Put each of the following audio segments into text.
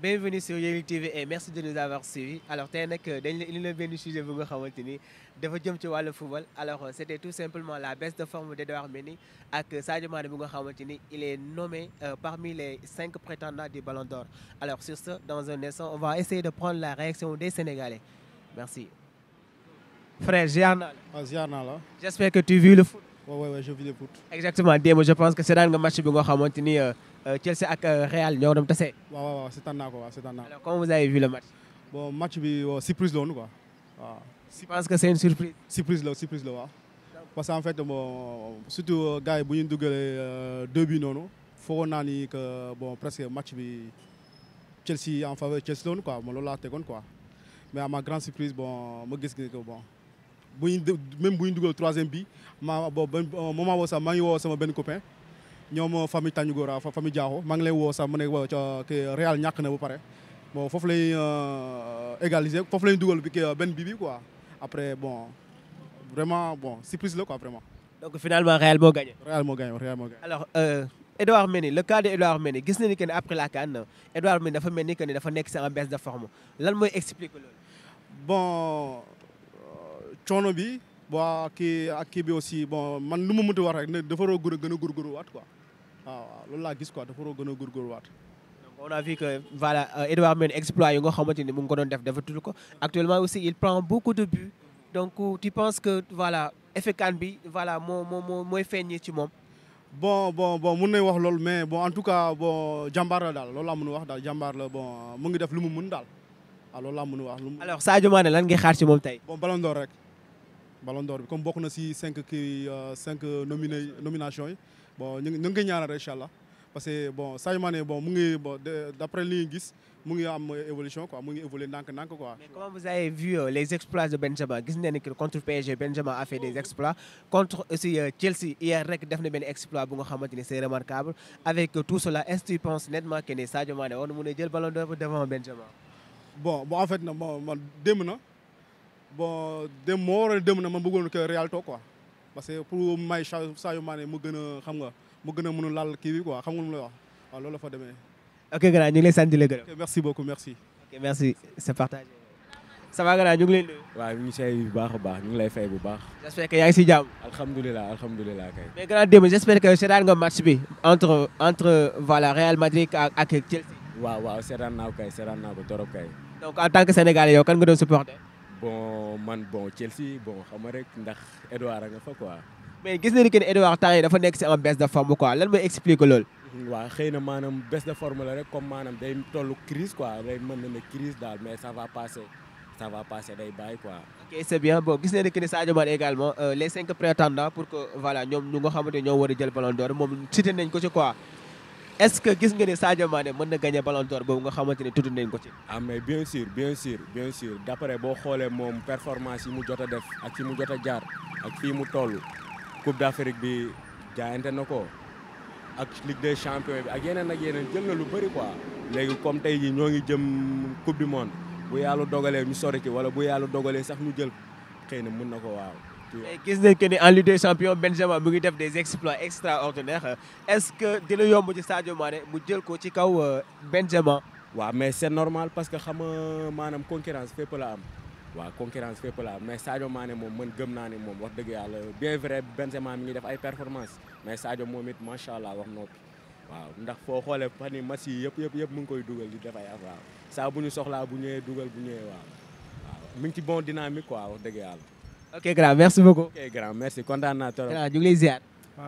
bienvenue sur Yewwi TV et merci de nous avoir suivis alors tu es que sujet que nga xamante de dafa jëm ci football alors euh, c'était tout simplement la baisse de forme d'Edouard Mendy avec Sadio Mané bu il est nommé euh, parmi les cinq prétendants du Ballon d'Or alors sur ce dans un instant on va essayer de prendre la réaction des Sénégalais merci. frère ziar J'espère ah, la. J'espère que tu vis le foot. Oui, ouais, ouais, je vis le foot. exactement je pense que c'est dans le match bi Bougon euh, Chelsea ak euh, Real ñoo doon tase. waaw waaw c'est seetaan naa ko waaw alors comment vous avez vu le match. bon match bi surprise la woon quoi waaw. je que c'est une surprise. surprise là, surprise Là, waaw. parce qu'en fait bon surtout euh, gars yi bu ñu dugalee deux buts noonu foogoon que bon presque match bi Chelsea en faveur Chelsea la quoi Bon, là, laa quoi. mais à ma grande surprise bon ma gis ni que bon bu même bu ñu dugal troisième bi ma bon moment où sax maa ngi woo sama benn copain ñoom famille Tandiogora famille Diakho maa ngi lay wo sa mu ne ci ca Real ñak na bu paré bon foofu lay euh, égaliser foofu lay dugal bi euh, benn bi bi quoi après bon vraiment bon surprise la quoi vraiment. donc finalement Real mo gagné. Real mo gagné Real mo gagné. alors euh Edouard Mendy le cas de Edouard Mendy gis nañu que ne après la CAN Edouard Mendy dafa mel ni que dafa nek si en baisse de forme lan moy expliquer loolu. bon euh, coono bi waa kii ak kii bi aussi bon man luma ma mënti wax rek dafa ro a gëna gurguru wat quoi on a vu que euh, Edouard Men exploit actuellement aussi il prend beaucoup de buts donc euh, tu penses que voilà effet voilà moins bon bon mais en tout cas bon jàmbaar la daal wax bon alors ça je bon Ballon d'or Ballon d'or comme beaucoup cinq euh, bon ñu ngi ñu ngi ñaanal incha parce que bon Sadio Mané bon mu ngi bon d' après li ñu mu ngi am évolution quoi mu ngi évoluer nank nank quoi. mais comment vous avez vu euh, les exploits de Benzema gis nañu que contre PSG Benzema a fait des exploits contre aussi euh, Chelsea hier rek def na ben exploit bu nga xamanteni c'est remarquable avec tout cela est ce que tu penses nettement que ne Sadio Mané war na jël ballon d'or devant Benzema. bon bon en fait na bon man dem na bon démb mo waral démb na man bëggoon que Real to quoi parce que pour ça Mané ok merci beaucoup merci. merci c'est partagé. ça va grand ñu j'espère que y si mais grand j'espère que c'est un match entre entre Real Madrid et Chelsea. Waouh, waouh, donc en tant que sénégalais yow kan supporter bon man bon Chelsea bon xam rek ndax Edouard nga fa quoi. mais gis nañu que ni Edouard temps dafa nek ci en baisse de forme quoi lan moy expliquer lol wa xeyna manam baisse de forme la rek comme manam day tollu crise quoi day mën na crise dal mais ça va passer ça va passer day bay quoi. ok c'est bien bon gis nañu que Sadio Mané également euh, les cinq prétendants pour que voilà ñom ñu nga xamanté ñoo war a jël ballon d'or mom cité nañ ko ci quoi. est-ce que gis nga ne Sadio Mané mën na gagner Ballon d'Or boobu nga xamante ne tudd nañ ko ci. ah mais bien sûr bien sûr bien boo xoolee moom performance yi mu jot a def ak fi mu jot a jaar ak fii mu toll Coupe d'Afrique bi jaayante na ko ak Ligue des champions bi ak yeneen ak yeneen jël na lu bëri quoi. léegi comme tey jii ñoo ngi jëm Coupe du monde bu yàlla dogalee ñu sori ci wala bu yàlla dogalee sax ñu jël xëy na mën na ko waaw. gis nañ que ni en Ligue des champions Benzema mu ngi def des exploits extraordinaires est-ce que dina yomb ci Sadio Mané mu jël ko ci kaw euh, Benzema. waaw mais c'est normal parce que xam nga maanaam concurrence fépp la am waaw concurrence fépp la am mais Sadio maane moom man gëm naa ne moom wax dëgg yàlla bien vrai Benzema mi ngi def ay performance mais Sadio moom it macha allah wax noppi waaw ndax foo xoolee fan yi match yëpp yëpp yëpp mu ngi koy dugal di def ay affaires saa bu ñu soxlaa bu ñëwee dugal bu ñëwee waaw ngi ci bon dynamique quoi dëgg yàlla. ok grand merci beaucoup. ok grand merci content naa trop. grand ñu ngi ziar.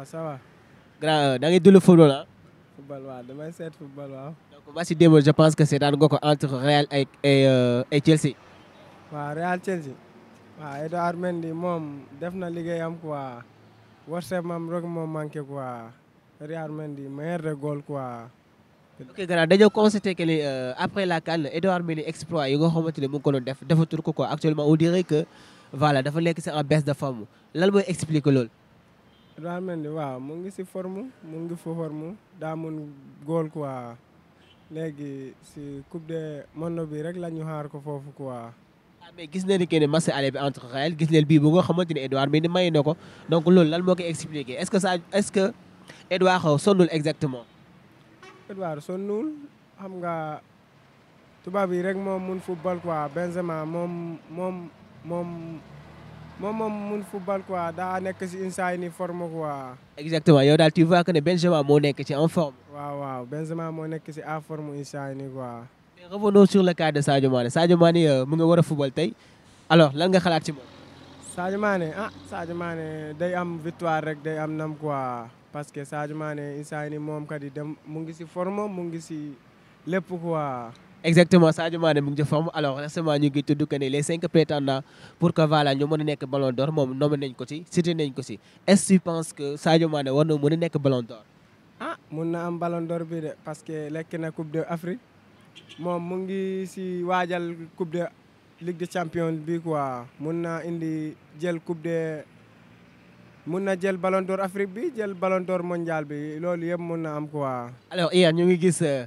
ça va. grand da ngay le football là. Ah? football wa. damay seet football wa. donc Massi démb je pense que c'est nga ko entre Real et et euh, Chelsea. Wa Real Chelsea. Wa Edouard Mendy moom définitivement na quoi. Worcester moom rek moo manqué quoi. Edouard Mendy meilleur de goal quoi. ok grand dañoo constaté que ni euh, après la CAN Edouard Mendy exploit il nga xamante ne mu ko doon def defatul ko quoi actuellement on dirait que. voilà dafa lekk si en baisse de forme lan moo expliquer lool daa mel ni waaw mu ngi si forme mu ngi fa forme daa mun góol quoi léegi si coupe de monde bi rek la ñu xaar ko foofu quoi. ah mais gis nañu que ne match aller bi entre Réal gis leen bii bu nga xamante ne Edouard mii ni may na ko donc loolu lan moo koy expliquer est-ce que ça est-ce que Edouard sonnul exactement. Edouard sonnul xam nga tubaab yi rek moom mun football quoi Benzema moom moom. moom moom moom mun football quoi daa nekk si instant yii forme quoi. exactement yow daal tu vois que ne Benzema moo nekk ci en forme. waaw waaw Benzema moo nekk si en forme instant yii quoi. mais revenons sur le cas de Sadio Mane Sadio Mane euh, mu nga war a football tey alors lan nga xalaat ci moom. Sadio Mane ah Sadio Mane day am victoire rek day am nam quoi parce que Sadio Mane instant yii nii moom kat yi dem mu ngi si forme mu ngi si lépp quoi exactement Sadio Mané mu ngi ci forme alors récemment ñu ngi tudd que les cinq prétendants pour que voilà ñu mën a ballon d'or moom nommé nañ ko ci cité nañ ko ci est-ce que tu penses que Sadio Mané war na mën ballon d'or ah mun na am ballon d'or bi parce que lekk na coupe de Afrique moom mu ngi si waajal coupe de ligue des Champions, bi quoi mun na indi jël coupe de mun na jël ballon d'or Afrique bi jël ballon d'or mondial bi loolu yëpp mun na am quoi. alors Ian ñu ngi gis. Euh,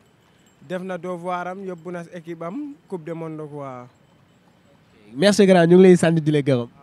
def na devoir am yóbbu na équipe am coupe du monde waa merci grand ñu ngi lay sant di la gërëm.